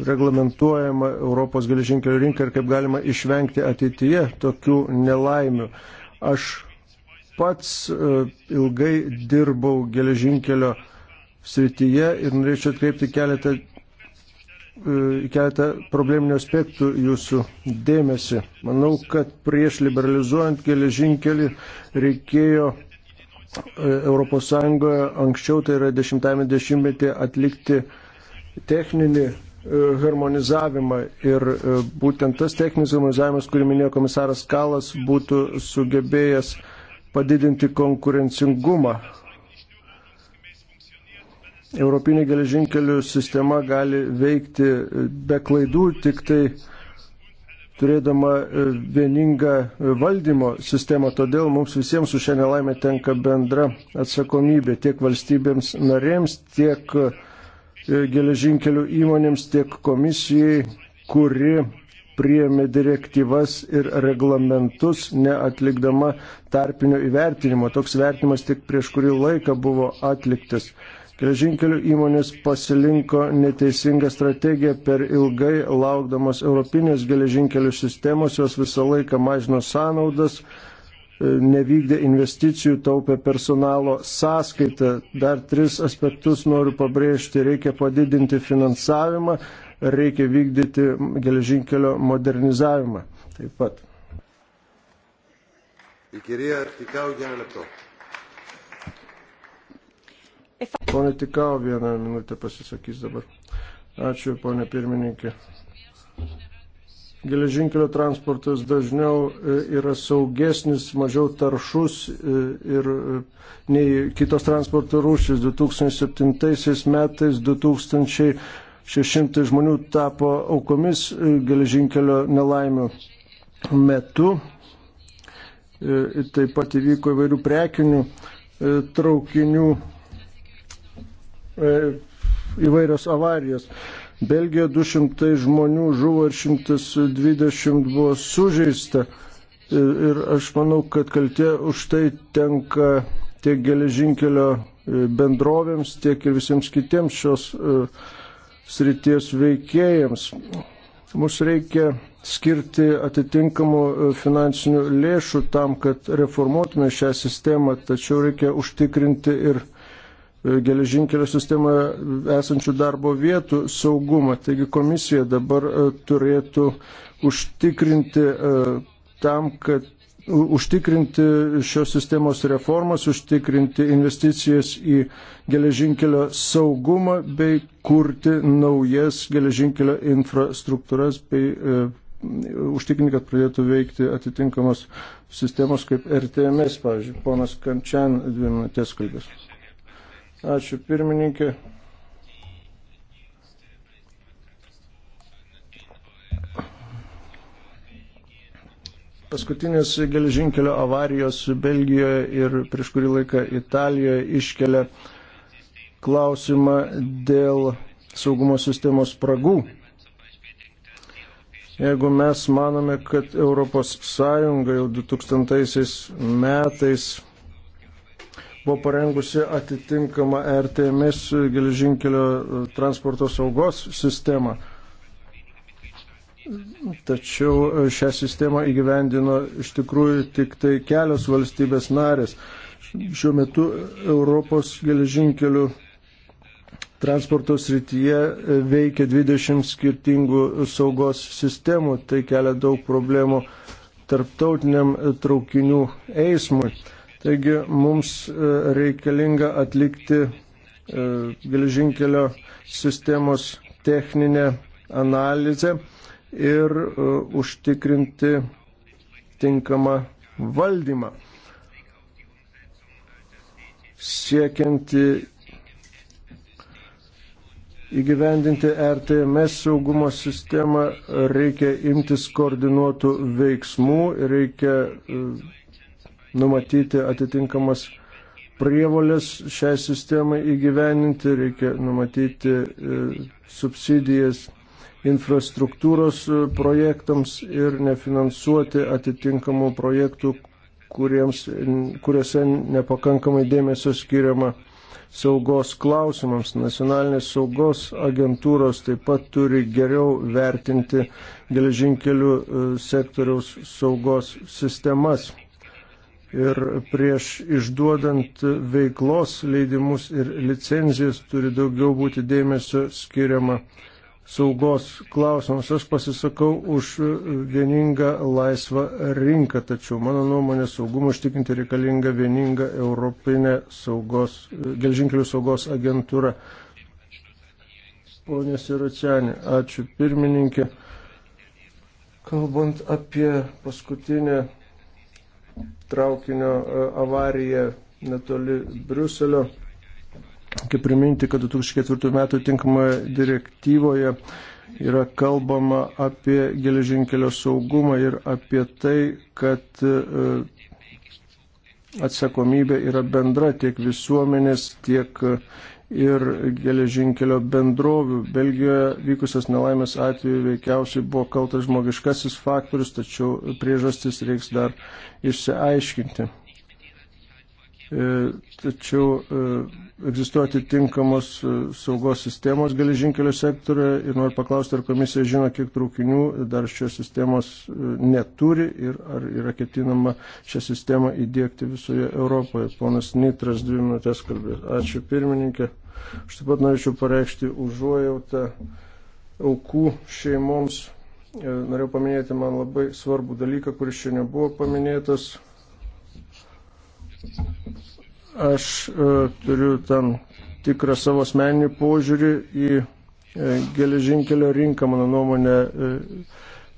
[SPEAKER 2] reglamentuojama Europos geležinkelio rinka ir kaip galima išvengti ateityje tokių nelaimių. Aš pats e, ilgai dirbau geležinkelio srityje ir norėčiau atkreipti keletą, e, keletą probleminių aspektų jūsų dėmesį. Manau, kad prieš liberalizuojant geležinkelį reikėjo ES anksčiau, tai yra 10-metį atlikti techninį e, harmonizavimą ir e, būtent tas techninis harmonizavimas, kurį minėjo komisaras Kalas, būtų sugebėjęs padidinti konkurencingumą. Europinė geležinkelių sistema gali veikti e, be klaidų, tik tai turėdama vieningą valdymo sistemą. Todėl mums visiems su šią nelaimę tenka bendra atsakomybė tiek valstybėms narėms, tiek uh, geležinkelių įmonėms, tiek komisijai, kuri priėmė direktyvas ir reglamentus, neatlikdama tarpinio įvertinimo. Toks vertinimas tik prieš kurį laiką buvo atliktas. Geležinkelių įmonės pasilinko neteisingą strategiją per ilgai laukdamas Europinės geležinkelių sistemos, jos visą laiką mažino sąnaudas, nevykdė investicijų, taupė personalo sąskaitą. Dar tris aspektus noriu pabrėžti. Reikia padidinti finansavimą, reikia vykdyti geležinkelio modernizavimą. Taip pat. Pone Tikau, vieną minutę pasisakys dabar. Ačiū, ponė pirmininkė geležinkelio transportas dažniau e, yra saugesnis, mažiau taršus e, ir e, nei kitos transporto rūšis. 2007 metais 2600 žmonių tapo aukomis geležinkelio nelaimių metu. Taip pat įvyko įvairių prekinių traukinių įvairios avarijos. Belgijoje 200 žmonių žuvo ir 120 buvo sužeista. Ir, ir aš manau, kad kaltė už tai tenka tiek geležinkelio e, bendrovėms, tiek ir visiems kitiems šios e, srities veikėjams. Mums reikia skirti atitinkamų e, finansinių lėšų tam, kad reformuotume šią sistemą, tačiau reikia užtikrinti ir E, geležinkelio sistemoje esančių darbo vietų saugumą. Taigi komisija dabar e, turėtų užtikrinti e, tam, kad užtikrinti šios sistemos reformas, užtikrinti investicijas į geležinkelio saugumą bei kurti naujas geležinkelio infrastruktūras bei e, užtikrinti, kad pradėtų veikti atitinkamos sistemos kaip RTMS, pavyzdžiui, ponas Kančian dvi minutės kalbės. Ačiū pirmininkė. Paskutinės geležinkelio avarijos Belgijoje ir prieš kurį laiką Italijoje iškelia klausimą dėl saugumo sistemos spragų. Jeigu mes manome, kad ES jau 2000 metais buvo parengusi atitinkamą RTMS geležinkelio e, transporto saugos sistemą. Tačiau e, šią sistemą įgyvendino iš tikrųjų tik tai kelios valstybės narės. Šiuo metu Europos geležinkelių transporto srityje e, veikia 20 skirtingų saugos sistemų, tai kelia daug problemų tarptautiniam traukinių eismui. Taigi mums e, reikalinga atlikti e, geležinkelio sistemos techninę analizę ir e, užtikrinti tinkamą valdymą. Siekianti įgyvendinti RTMS saugumo sistemą reikia imtis koordinuotų veiksmų, reikia numatyti atitinkamas prievolės šiai sistemai įgyveninti, reikia numatyti e, subsidijas infrastruktūros e, projektams ir nefinansuoti atitinkamų projektų, kuriems, kuriuose nepakankamai dėmesio skiriama saugos klausimams. Nacionalinės saugos agentūros taip pat turi geriau vertinti geležinkelių e, sektoriaus saugos sistemas ir prieš išduodant veiklos leidimus ir licenzijas turi daugiau būti dėmesio skiriama saugos klausimams. Aš pasisakau už vieningą laisvą rinką, tačiau mano nuomonė saugumą ištikinti reikalinga vieninga Europinė saugos, gelžinkelių saugos agentūra. Pone Siručianė, ačiū pirmininkė. Kalbant apie paskutinę traukinio e, avariją netoli Briuselio. Kaip priminti, kad 2004 metų tinkamoje direktyvoje yra kalbama apie geležinkelio saugumą ir apie tai, kad e, atsakomybė yra bendra tiek visuomenės, tiek e, ir geležinkelio bendrovių. Belgijoje vykusios nelaimės atveju veikiausiai buvo kaltas žmogiškasis faktorius, tačiau priežastis reiks dar išsiaiškinti. E, tačiau e, egzistuoja atitinkamos e, saugos sistemos geležinkelio sektorioje ir noriu paklausti, ar komisija žino, kiek traukinių dar šios sistemos neturi ir ar yra ketinama šią sistemą įdėkti visoje Europoje. Ponas Nitras dvi minutės kalbės. Ačiū pirmininkė. Aš taip pat norėčiau pareikšti užuojautą aukų šeimoms. Norėjau paminėti man labai svarbų dalyką, kuris čia nebuvo paminėtas Aš e, turiu tam tikrą savo asmeninį požiūrį į e, geležinkelio rinką, mano nuomonė, e,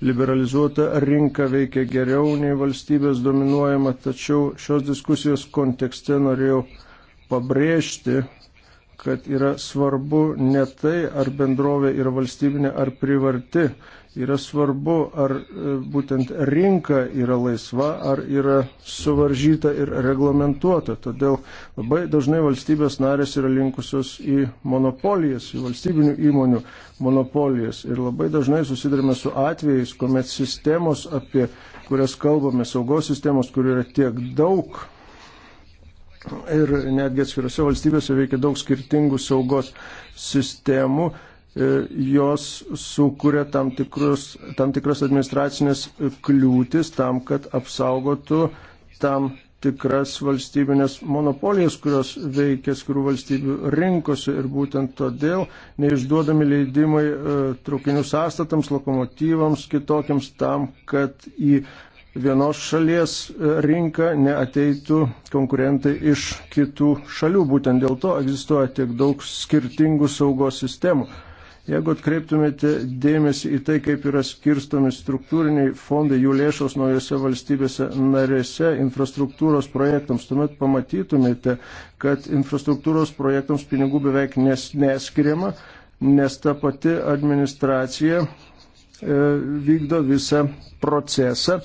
[SPEAKER 2] liberalizuota rinka veikia geriau nei valstybės dominuojama, tačiau šios diskusijos kontekste norėjau pabrėžti, kad yra svarbu ne tai, ar bendrovė yra valstybinė ar privarti. Yra svarbu, ar e, būtent rinka yra laisva, ar yra suvaržyta ir reglamentuota. Todėl labai dažnai valstybės narės yra linkusios į monopolijas, į valstybinių įmonių monopolijas. Ir labai dažnai susidurime su atvejais, kuomet sistemos, apie kurias kalbame, saugos sistemos, kur yra tiek daug ir netgi atskirose valstybėse veikia daug skirtingų saugos sistemų, E, jos sukuria tam, tikrus, tam tikras administracinės kliūtis tam, kad apsaugotų tam tikras valstybinės monopolijas, kurios veikia skirų valstybių rinkose ir būtent todėl neišduodami leidimai e, traukinių sąstatams, lokomotyvams, kitokiams tam, kad į vienos šalies e, rinką neateitų konkurentai iš kitų šalių. Būtent dėl to egzistuoja tiek daug skirtingų saugos sistemų. Jeigu atkreiptumėte dėmesį į tai, kaip yra skirstomi struktūriniai fondai, jų lėšos naujose valstybėse narėse infrastruktūros projektams, tuomet pamatytumėte, kad infrastruktūros projektams pinigų beveik nes, neskiriama, nes ta pati administracija e, vykdo visą procesą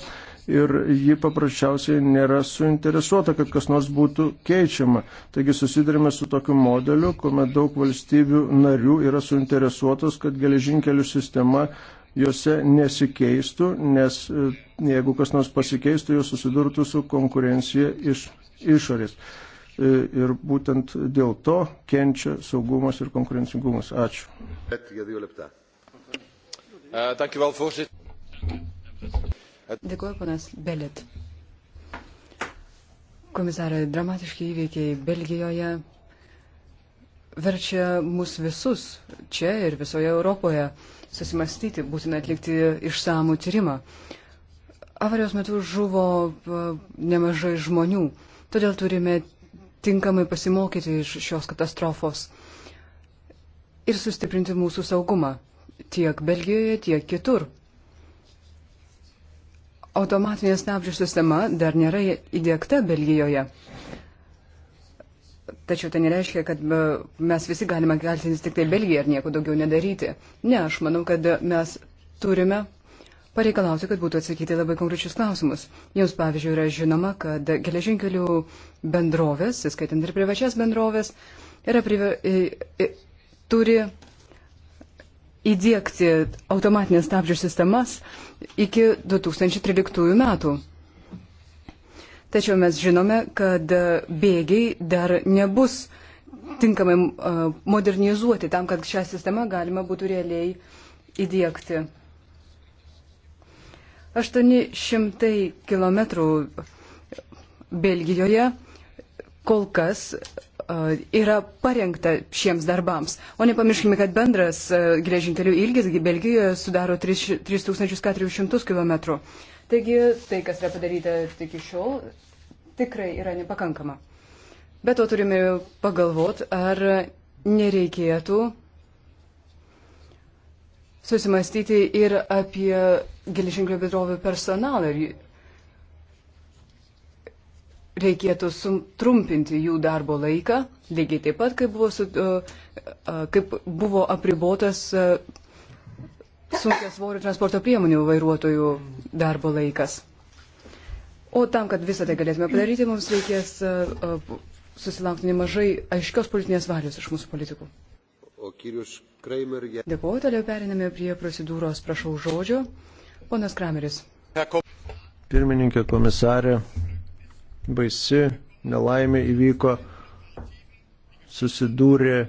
[SPEAKER 2] ir ji paprasčiausiai nėra suinteresuota, kad kas nors būtų keičiama. Taigi susidurime su tokiu modeliu, kuomet daug valstybių narių yra suinteresuotos, kad geležinkelių sistema juose nesikeistų, nes e, jeigu kas nors pasikeistų, jos susidurtų su konkurencija iš išorės. E, ir būtent dėl to kenčia saugumas ir konkurencingumas. Ačiū. E, dank u wel, voorzitter.
[SPEAKER 6] Dėkuoju, panas Belit. Komisarai, dramatiški įvykiai Belgijoje verčia mus visus čia ir visoje Europoje susimastyti, būtina atlikti išsamų tyrimą. Avarijos metu žuvo e, nemažai žmonių, todėl turime tinkamai pasimokyti iš šios katastrofos ir sustiprinti mūsų saugumą tiek Belgijoje, tiek kitur automatinė snapdžių sistema dar nėra įdėkta Belgijoje. Tačiau tai nereiškia, kad e, mes visi galime kaltinti tik tai Belgiją ir nieko daugiau nedaryti. Ne, aš manau, kad mes turime pareikalauti, kad būtų atsakyti labai konkrečius klausimus. Jums, pavyzdžiui, yra žinoma, kad geležinkelių bendrovės, įskaitant ir privačias bendrovės, yra prive, turi įdėkti automatinės stabdžių sistemas iki 2013 metų. Tačiau mes žinome, kad bėgiai dar nebus tinkamai modernizuoti tam, kad šią sistemą galima būtų realiai įdėkti. 800 km Belgijoje kol kas E, yra parengta šiems darbams. O nepamirškime, kad bendras e, geležinkelių ilgis Belgijoje sudaro 3400 km. Taigi tai, kas yra padaryta iki šiol, tikrai yra nepakankama. Bet to turime pagalvoti, ar nereikėtų susimastyti ir apie geležinkelio bendrovių personalą ir reikėtų trumpinti jų darbo laiką, lygiai taip pat, kaip buvo, su, kaip buvo apribotas sunkia svorio transporto priemonių vairuotojų darbo laikas. O tam, kad visą tai galėtume padaryti, mums reikės susilaukti nemažai aiškios politinės valios iš mūsų politikų.
[SPEAKER 2] Dėkuoju,
[SPEAKER 6] toliau periname prie procedūros, prašau žodžio. Ponas Krameris.
[SPEAKER 2] Pirmininkė komisarė, baisi nelaimė įvyko, susidūrė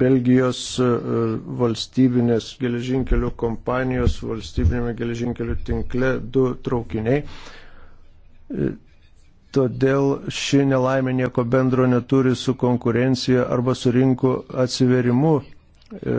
[SPEAKER 2] Belgijos e, valstybinės geležinkelių kompanijos valstybinėme geležinkelių tinkle du traukiniai. E, todėl ši nelaimė nieko bendro neturi su konkurencija arba su rinkų atsiverimu. E,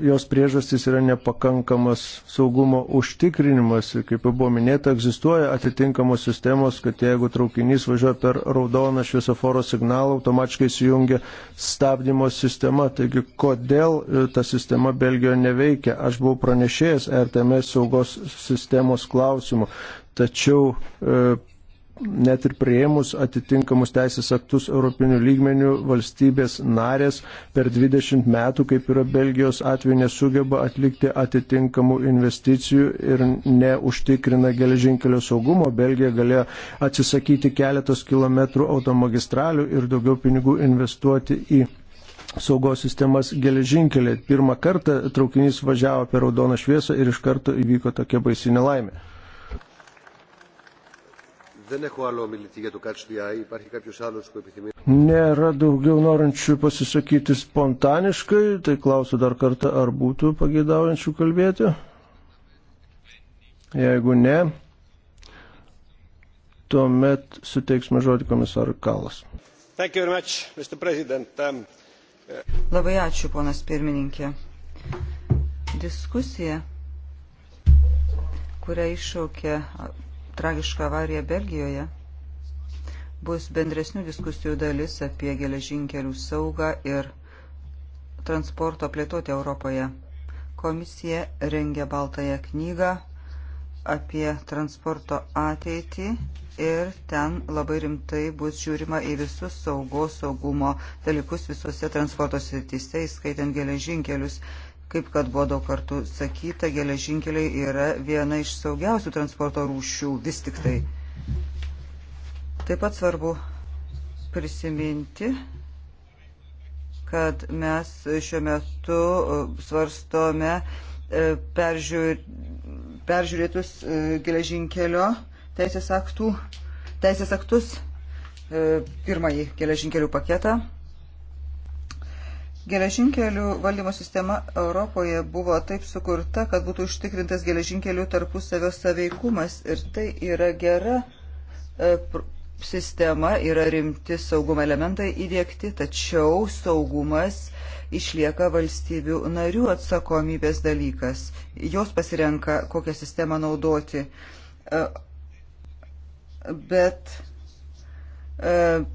[SPEAKER 2] jos priežastys yra nepakankamas saugumo užtikrinimas ir kaip jau buvo minėta, egzistuoja atitinkamos sistemos, kad jeigu traukinys važiuoja per raudoną šviesoforo signalą, automatiškai įsijungia stabdymo sistema. Taigi, kodėl e, ta sistema Belgijoje neveikia? Aš buvau pranešėjęs RTMS saugos sistemos klausimu, tačiau e, net ir prieimus atitinkamus teisės aktus europinių lygmenių valstybės narės per 20 metų, kaip yra Belgijos atveju, nesugeba atlikti atitinkamų investicijų ir neužtikrina geležinkelio saugumo. Belgija galėjo atsisakyti keletos kilometrų automagistralių ir daugiau pinigų investuoti į. Saugos sistemas geležinkelė. Pirmą kartą traukinys važiavo per raudoną šviesą ir iš karto įvyko tokia baisinė laimė. Nėra daugiau norinčių pasisakyti spontaniškai, tai klausiu dar kartą, ar būtų pageidaujančių kalbėti. Jeigu ne, tuomet suteiksime žodį komisarui Kalas. Much, um, uh,
[SPEAKER 5] Labai ačiū, ponas pirmininkė. Diskusija, kurią iššaukė tragišką avariją Belgijoje bus bendresnių diskusijų dalis apie geležinkelių saugą ir transporto plėtoti Europoje. Komisija rengia baltąją knygą apie transporto ateitį ir ten labai rimtai bus žiūrima į visus saugos saugumo dalykus visose transporto srityse, įskaitant geležinkelius. Kaip kad buvo daug kartų sakyta, geležinkeliai yra viena iš saugiausių transporto rūšių vis tik tai. Taip pat svarbu prisiminti, kad mes šiuo metu e, svarstome e, peržiūr, peržiūrėtus e, geležinkelio teisės, aktų, teisės aktus, pirmąjį geležinkelių paketą. Geležinkelių valdymo sistema Europoje buvo taip sukurta, kad būtų užtikrintas geležinkelių tarpusavio saveikumas ir tai yra gera e, sistema, yra rimti saugumo elementai įdėkti, tačiau saugumas išlieka valstybių narių atsakomybės dalykas. Jos pasirenka, kokią sistemą naudoti. E, bet e,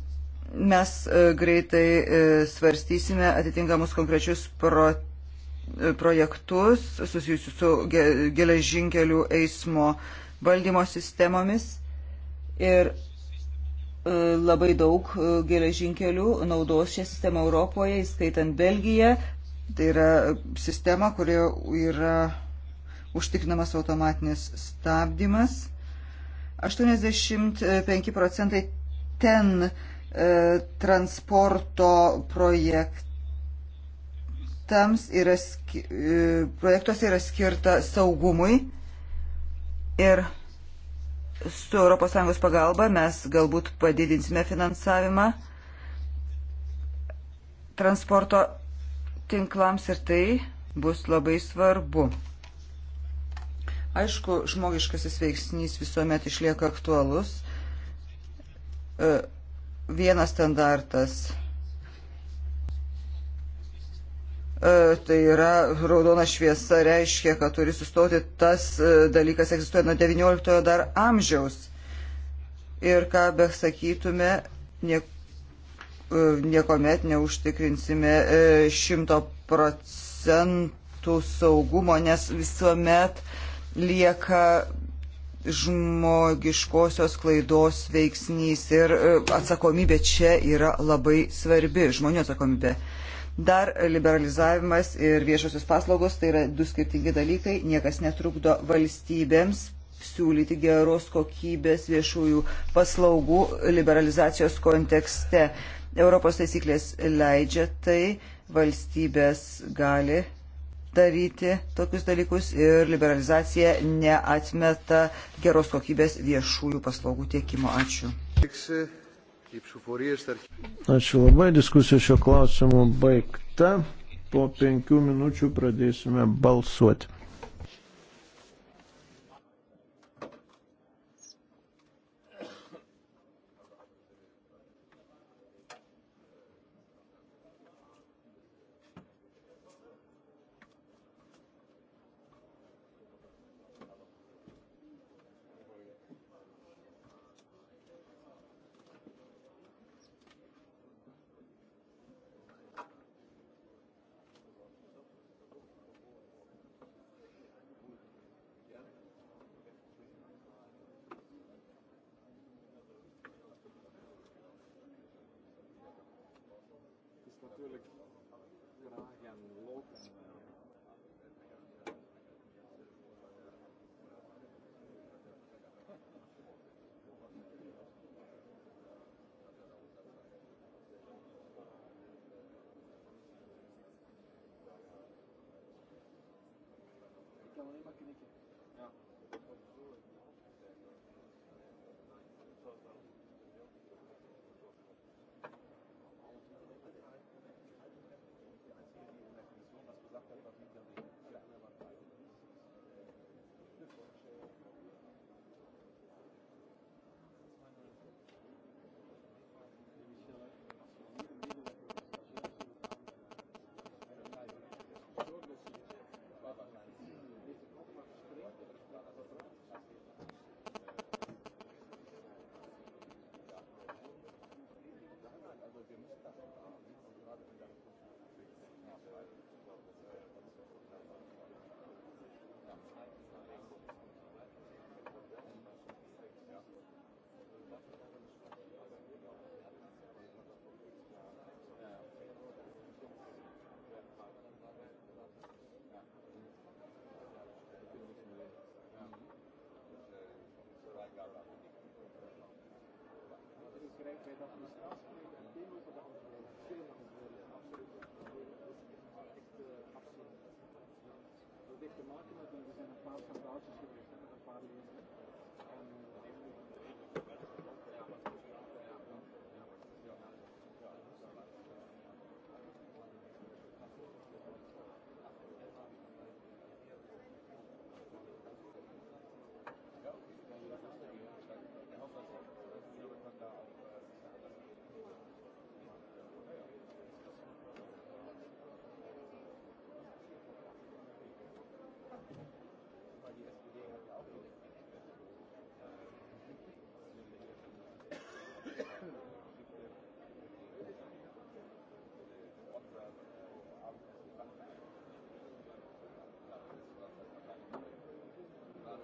[SPEAKER 5] Mes e, greitai e, svarstysime atitinkamus konkrečius pro, e, projektus susijusius su geležinkelių eismo valdymo sistemomis ir labai daug geležinkelių naudos šią sistemą Europoje, įskaitant Belgiją. Tai yra sistema, kurioje yra užtikrinamas automatinis stabdymas. 85 procentai ten E, transporto projektams yra, e, projektuose yra skirta saugumui ir su ES pagalba mes galbūt padidinsime finansavimą transporto tinklams ir tai bus labai svarbu. Aišku, žmogiškasis veiksnys visuomet išlieka aktualus. E, vienas standartas. E, tai yra raudona šviesa reiškia, kad turi sustoti tas e, dalykas egzistuoja nuo 19 dar amžiaus. Ir ką be sakytume, nieko e, niekuomet neužtikrinsime šimto procentų saugumo, nes visuomet lieka žmogiškosios klaidos veiksnys ir e, atsakomybė čia yra labai svarbi, žmonių atsakomybė. Dar liberalizavimas ir viešosios paslaugos tai yra du skirtingi dalykai, niekas netrukdo valstybėms siūlyti geros kokybės viešųjų paslaugų liberalizacijos kontekste. Europos taisyklės leidžia tai, valstybės gali daryti tokius dalykus ir liberalizacija neatmeta geros kokybės viešųjų paslaugų tiekimo. Ačiū.
[SPEAKER 2] Ačiū labai, diskusija šio klausimu baigta. Po penkių minučių pradėsime balsuoti. dichte eh, eh, markt, maar die zijn een paar schandaaltjes geweest, een paar dingen.